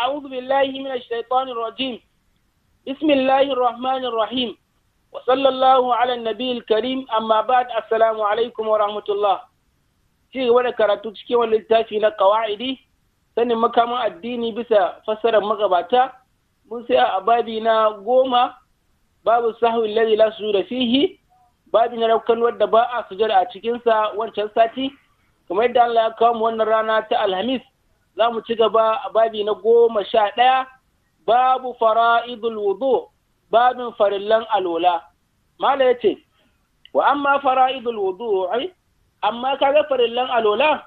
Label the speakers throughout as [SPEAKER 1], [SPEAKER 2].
[SPEAKER 1] أعوذ بالله من الشيطان الرجيم بسم الله الرحمن الرحيم وصلى الله على النبي الكريم أما بعد السلام عليكم ورحمة الله ci gaba da karatu cikin wani littafi na kawa'idi sanin makaman addini bisa fassarar magabata mun sai a babi na goma babu sahu lalli la su da fihi na raukan wadda ba a sujada a cikinsa wancan sati kamar yadda Allah ya kawo mu wannan rana ta alhamis za mu ci gaba a babi na goma sha ɗaya babu fara'idul wudu babin farillan alola mala ya ce wa amma fara'idul wudu ai amma ga farillan alola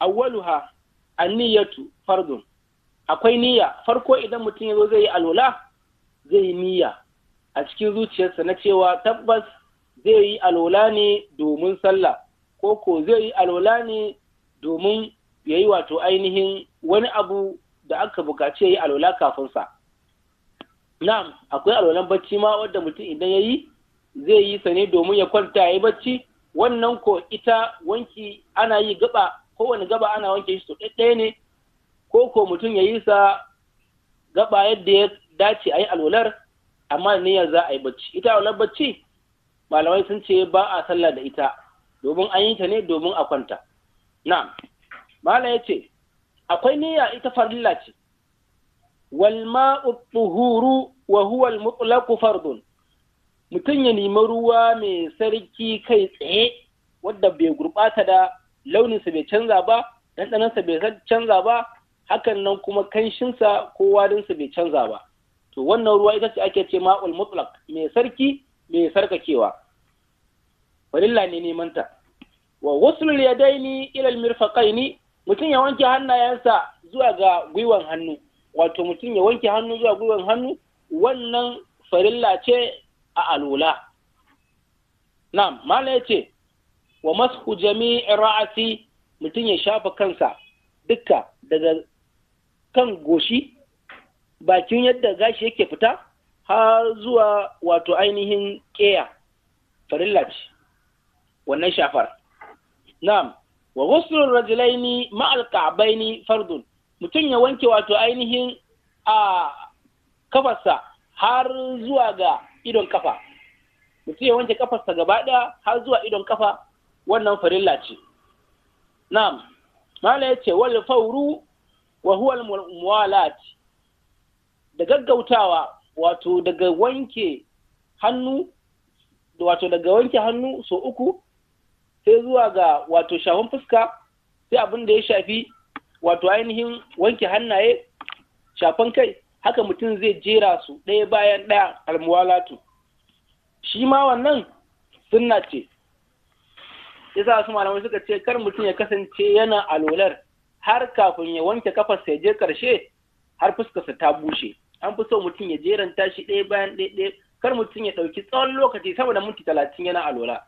[SPEAKER 1] awwaluha anniyatu fardun akwai niyya farko idan mutum ya zo zai yi alola zai yi niyya a cikin zuciyarsa na cewa tabbas zai yi alola ne domin sallah ko ko zai yi alola ne domin ya yi wato ainihin wani abu da aka bukaci ya yi alwala kafinsa na'am akwai alolan bacci ma wadda mutum idan ya yi zai yi sa ne domin ya kwanta ya yi bacci wannan ko ita wanki ana yi gaba kowane gaba ana wanke shi to ɗaya ne ko ko mutum ya yi sa gaba yadda ya dace a yi alwalar amma niyyar za a yi bacci ita alolar bacci malamai sun ce ba a sallah da ita domin an yi ta ne domin a kwanta na'am mala ce, akwai niyya ita farilla ce walma ma'u tuhuru wa huwal al fardun mutum ya nemi ruwa mai sarki kai tsaye wadda bai gurɓata da launinsa bai canza ba ɗanɗanansa bai canza ba hakan nan kuma kanshinsa ko warinsa bai canza ba to wannan ruwa ita ce ake ce ma'ul mutlaq mai sarki mai sarkakewa farilla ne neman ta wa waslul yadaini ila al mirfaqaini mutum ya wanke hannayensa zuwa ga gwiwan hannu wato mutum ya wanke hannu zuwa gwiwan hannu wannan farilla ce a alula na'am mala ya ce wa mashu jami'in ra'asi mutum ya shafa kansa duka daga kan goshi bakin yadda gashi yake fita har zuwa wato ainihin ƙeya farilla ce wannan shafar na'am wa ghuslur rajulaini al ka'baini fardun mutum ya wanke wato ainihin a kafarsa har zuwa ga idon kafa mutum ya wanke kafarsa gaba ɗaya har zuwa idon kafa wannan farilla ce na'am mala yace wal fawru wa huwa al muwalat da gaggautawa wato daga wanke hannu wato daga wanke hannu so uku sai zuwa ga wato shafan fuska sai abin da ya shafi wato ainihin wanke hannaye shafan kai haka mutum zai jera su ɗaya bayan ɗaya almuwalatu shi ma wannan sunna ce Ya yasa su malamai suka ce kar mutum ya kasance yana alolar har kafin ya wanke kafarsa ya je karshe har fuskarsa ta bushe an fi so mutum ya jeranta shi ɗaya bayan ɗaya kar mutum ya ɗauki tsawon lokaci sama da minti talatin yana alola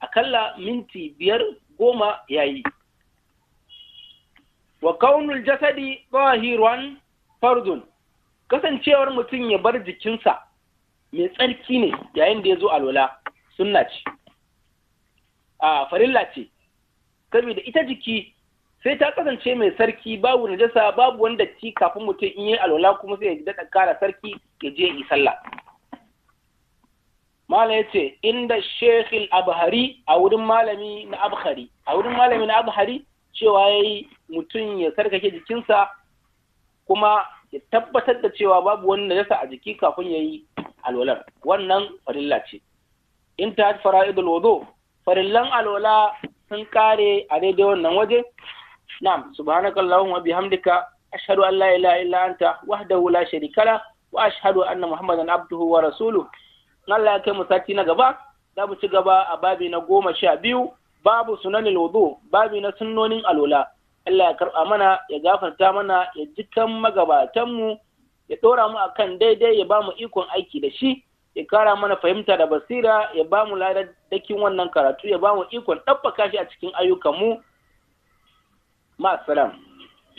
[SPEAKER 1] akalla minti biyar goma ya yi. Wa kaunul jasadi zahiran fardun, kasancewar mutum ya bar jikinsa mai tsarki ne yayin da ya zo alwala sunna ce, a farilla ce, saboda ita jiki sai ta kasance mai sarki babu najasa babu wanda ci kafin mutum in yi alwala kuma sai ya daɗa kara sarki ya je yi sallah. mala ya ce inda shekhil abhari a wurin malami na abhari a wurin malami na abhari cewa ya yi mutum ya sarkake jikinsa kuma ya tabbatar da cewa babu wani najasa a jiki kafin ya yi alwalar wannan farilla ce in ta fara'idul wudu farillan alwala sun kare a daidai wannan waje na'am subhanakallahumma wa bihamdika ashhadu an la ilaha illa anta wahdahu la sharika wa ashhadu anna muhammadan abduhu wa rasuluhu Allah ya kai mu sati na gaba za mu ci gaba a babi na goma sha biyu babu sunani wudu babi na sunnonin alola Allah ya karɓa mana ya gafarta mana ya ji kan magabatanmu ya ɗora mu a kan daidai ya ba mu ikon aiki da shi ya kara mana fahimta da basira ya ba mu ladadakin wannan karatu ya ba mu ikon ɗabbaka shi a cikin ayyukanmu ma'asalam.